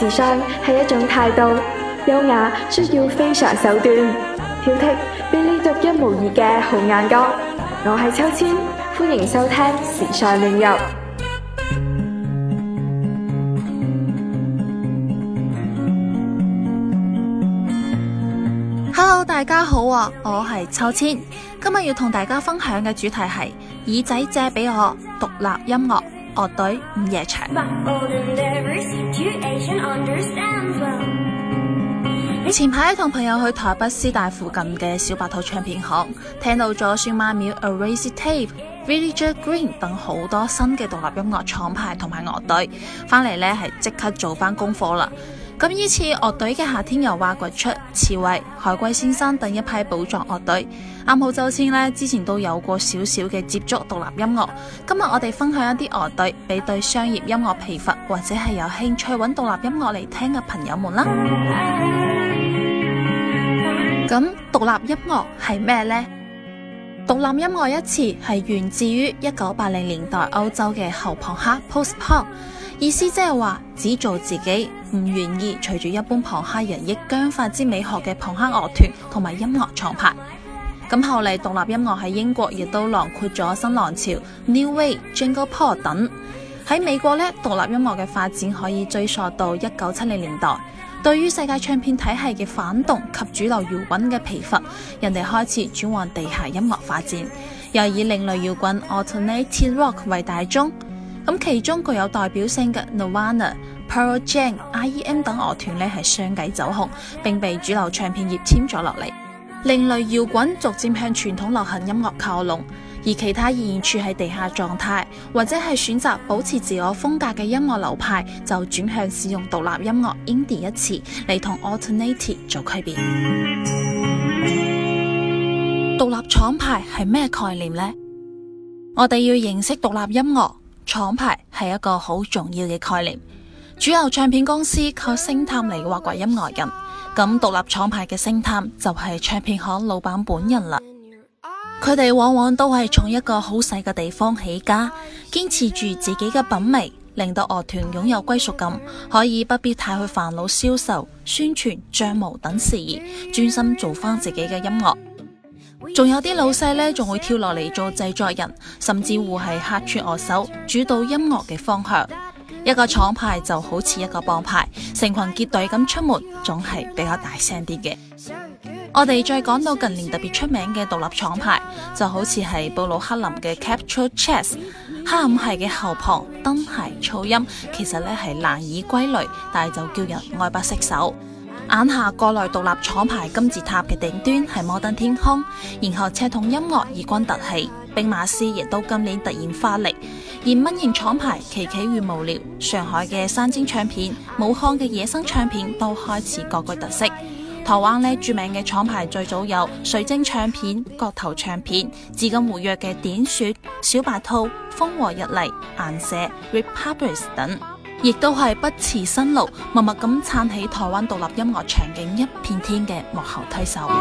時尚係一種態度，優雅需要非常手段，挑剔俾你獨一無二嘅紅眼光。我係秋千，歡迎收聽時尚亂入。Hello，大家好，我係秋千，今日要同大家分享嘅主題係耳仔借俾我，獨立音樂。樂隊午夜場。前排同朋友去台北師大附近嘅小白兔唱片行，聽到咗酸媽廟、Erased Tapes、Village Green 等好多新嘅獨立音樂廠牌同埋樂隊，翻嚟呢係即刻做翻功課啦。咁呢次樂隊嘅夏天又挖掘出刺猬、海龜先生等一批寶藏樂隊。啱好秋千呢之前都有過少少嘅接觸獨立音樂。今日我哋分享一啲樂隊，俾對商業音樂疲乏或者係有興趣揾獨立音樂嚟聽嘅朋友們啦。咁獨 立音樂係咩呢？獨立音樂一詞係源自於一九八零年代歐洲嘅後朋克、Post、post-punk 意思即係話，只做自己，唔願意隨住一般龐克人亦僵化之美學嘅龐克樂團同埋音樂廠牌。咁後嚟，獨立音樂喺英國亦都囊括咗新浪潮 （New w a y j i n g l e Pop 等。喺美國呢，獨立音樂嘅發展可以追溯到一九七零年代。對於世界唱片體系嘅反動及主流搖滾嘅疲乏，人哋開始轉換地下音樂發展，又以另類搖滾 a l t e r n a t e Rock） 為大宗。咁其中具有代表性嘅 n i r a n a Pearl Jam、I.E.M 等樂團呢，係相繼走紅，並被主流唱片業簽咗落嚟。另類搖滾逐漸向傳統流行音樂靠攏，而其他依然處喺地下狀態，或者係選擇保持自我風格嘅音樂流派，就轉向使用獨立音樂 （Indie） 一詞嚟同 Alternative 做區別。獨立廠牌係咩概念呢？我哋要認識獨立音樂。廠牌係一個好重要嘅概念，主流唱片公司靠星探嚟挖掘音樂人，咁獨立廠牌嘅星探就係唱片行老闆本人啦。佢哋往往都係從一個好細嘅地方起家，堅持住自己嘅品味，令到樂團擁有歸屬感，可以不必太去煩惱銷售、宣傳、賬務等事宜，專心做翻自己嘅音樂。仲有啲老細呢，仲會跳落嚟做製作人，甚至乎係客串樂手，主導音樂嘅方向。一個廠牌就好似一個幫派，成群結隊咁出門，總係比較大聲啲嘅。嗯嗯、我哋再講到近年特別出名嘅獨立廠牌，就好似係布魯克林嘅 Captured Tracks，黑暗係嘅後旁燈鞋噪音，其實呢係難以歸類，但係就叫人愛不釋手。眼下國內獨立廠牌金字塔嘅頂端係摩登天空，然後赤桶音樂異軍突起，兵馬司亦都今年突然發力，而蚊型廠牌奇奇與無聊、上海嘅山尖唱片、武漢嘅野生唱片都開始各具特色。台灣呢，著名嘅廠牌最早有水晶唱片、角頭唱片，至今活躍嘅點雪、小白兔、風和日麗、顏社、Republic 等。亦都係不辭辛勞，默默咁撐起台灣獨立音樂場景一片天嘅幕後推手。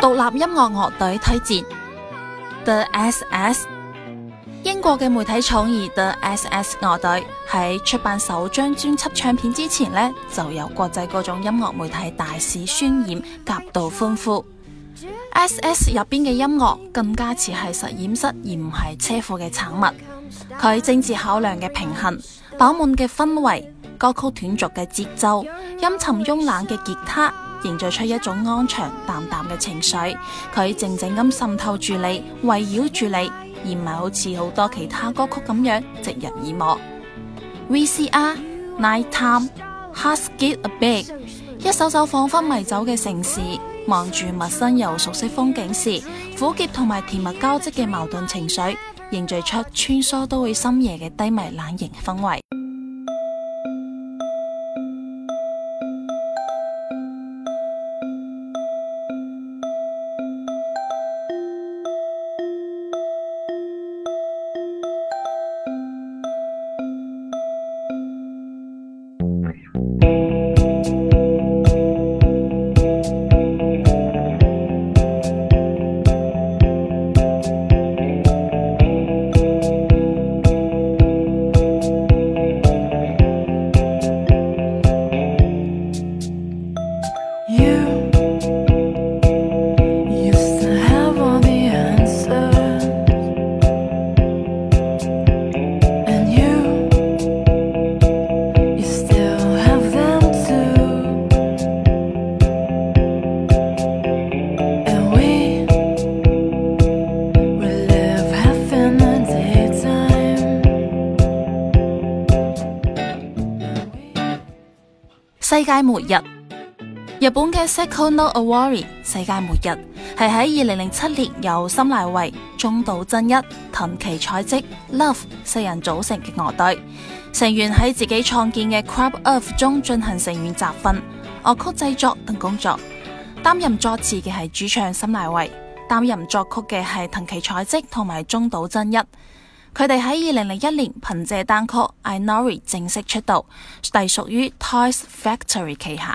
獨立音樂樂隊推薦 The xx，英國嘅媒體寵兒 The xx 樂隊喺出版首張專輯唱片之前呢就有國際各種音樂媒體大肆渲染、夾道歡呼。S S 入邊嘅音樂更加似係實驗室而唔係車庫嘅產物。佢政治考量嘅平衡，飽滿嘅氛圍，歌曲斷續嘅節奏，陰沉慵懶嘅吉他，營造出一種安詳淡淡嘅情緒。佢靜靜咁滲透住你，圍繞住你，而唔係好似好多其他歌曲咁樣直入耳膜。VCR、uh, Nighttime Husky a big，一首首彷彿迷走嘅城市。望住陌生又熟悉風景時，苦澀同埋甜蜜交織嘅矛盾情緒，凝聚出穿梭都會深夜嘅低迷冷凝氛圍。世界末日，日本嘅 Sekai No Owari 世界末日係喺二零零七年由深瀬慧、中島真一、藤崎彩織、Love 四人組成嘅樂隊，成員喺自己創建嘅 Club Earth 中進行成員集訓、樂曲製作等工作，擔任作詞嘅係主唱深瀬慧，擔任作曲嘅係藤崎彩織同埋中島真一。佢哋喺二零零一年憑借單曲《I Know》正式出道，隸屬於 Toy's Factory 旗下。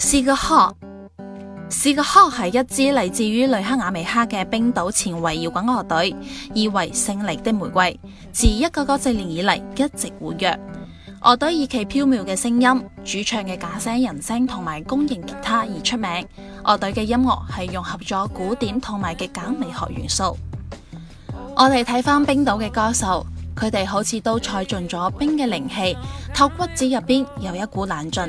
Sigur Rós，Sigur Rós，係一支嚟自於雷克雅未克嘅冰島前衛搖滾樂隊，意為勝利的玫瑰，自一九九四年以嚟一直活躍。樂隊以其飄渺嘅聲音、主唱嘅假聲人聲同埋弓形吉他而出名。樂隊嘅音樂係融合咗古典同埋極簡美學元素。我哋睇翻冰島嘅歌手，佢哋好似都採盡咗冰嘅靈氣，透骨子入邊有一股冷峻。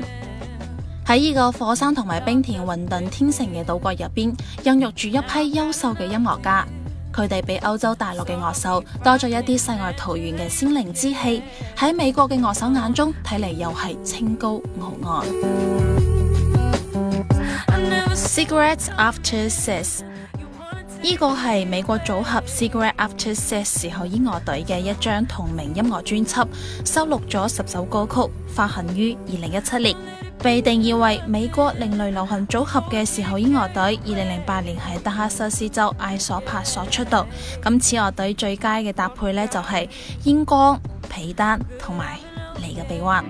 喺呢個火山同埋冰田混沌天成嘅島國入邊，孕育住一批優秀嘅音樂家。佢哋比歐洲大陸嘅樂手多咗一啲世外桃源嘅仙靈之氣。喺美國嘅樂手眼中，睇嚟又係清高傲岸。Cigarettes After Sex 呢個係美國組合 Cigarettes After Sex 時候音樂隊嘅一張同名音樂專輯，收錄咗十首歌曲，發行於二零一七年，被定義為美國另類流行組合嘅時候音樂隊。二零零八年喺德克薩斯州艾索帕索出道。咁此樂隊最佳嘅搭配呢、就是，就係煙光、皮丹同埋你嘅臂彎。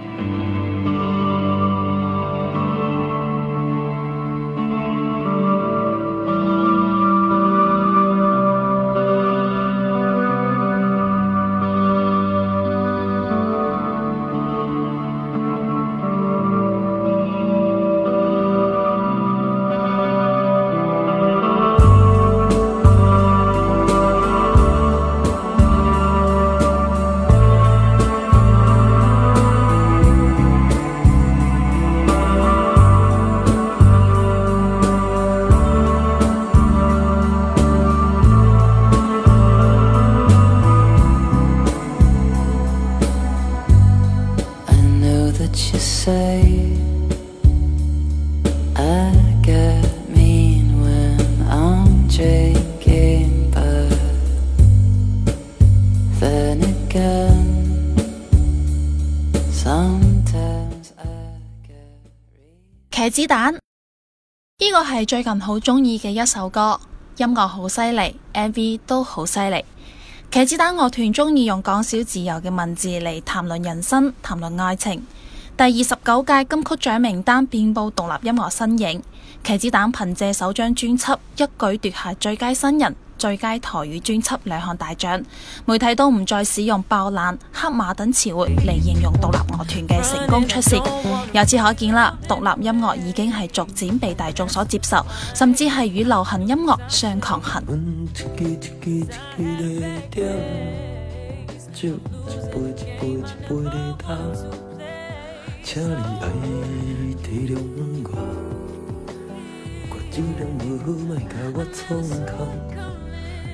蛋呢個係最近好中意嘅一首歌，音樂好犀利，MV 都好犀利。茄子蛋樂團中意用講少自由嘅文字嚟談論人生、談論愛情。第二十九屆金曲獎名單遍布獨立音樂身影，茄子蛋憑借首張專輯一舉奪下最佳新人。link  最佳台語專輯兩項大獎，媒體都唔再使用爆冷、黑馬等詞彙嚟形容獨立樂團嘅成功出色。由此可見啦。獨 Yeah. 立音樂已經係逐漸被大眾所接受，甚至係與流行音樂相抗衡。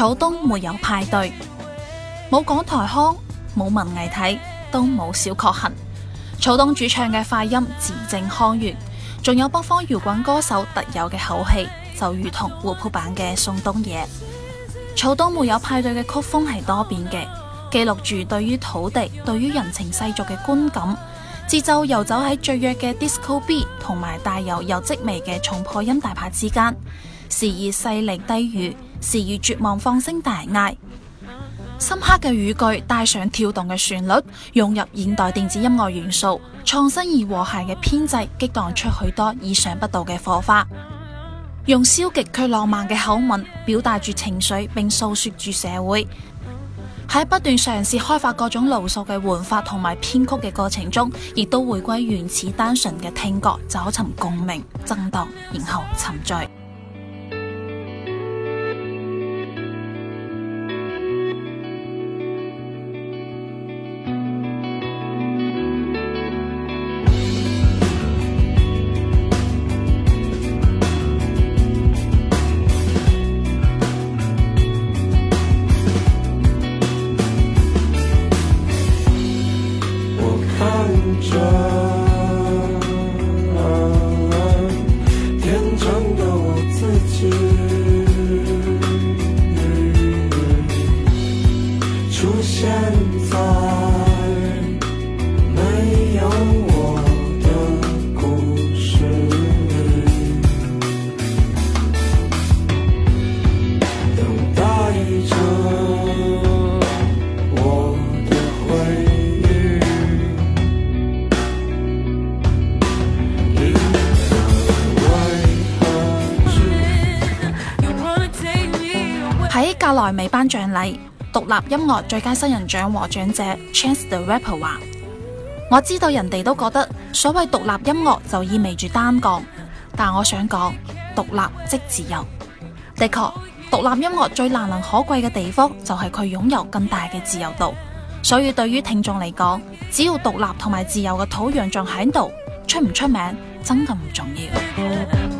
草東沒有派對，冇港台腔，冇文藝體，都冇小確幸。草東主唱嘅快音自正、字正腔圓，仲有北方搖滾歌手特有嘅口氣，就如同活潑版嘅宋冬野。草東沒有派對嘅曲風係多變嘅，記錄住對於土地、對於人情世俗嘅觀感。節奏遊走喺最弱嘅 disco b 同埋帶有油漬味嘅重破音大拍之間，時而勢力低語。時而絕望放聲大嗌，深刻嘅語句帶上跳動嘅旋律，融入現代電子音樂元素，創新而和諧嘅編制激蕩出許多意想不到嘅火花。用消極卻浪漫嘅口吻表達住情緒，並訴說住社會。喺不斷嘗試開發各種路數嘅玩法同埋編曲嘅過程中，亦都回歸原始單純嘅聽覺，找尋共鳴、震蕩，然後沉醉。格萊美頒獎禮獨立音樂最佳新人獎獲獎者 Chance the Rapper 話：我知道人哋都覺得所謂獨立音樂就意味住單槓，但我想講，獨立即自由。的確，獨立音樂最難能可貴嘅地方就係佢擁有更大嘅自由度。所以對於聽眾嚟講，只要獨立同埋自由嘅土壤仲喺度，出唔出名真係唔重要。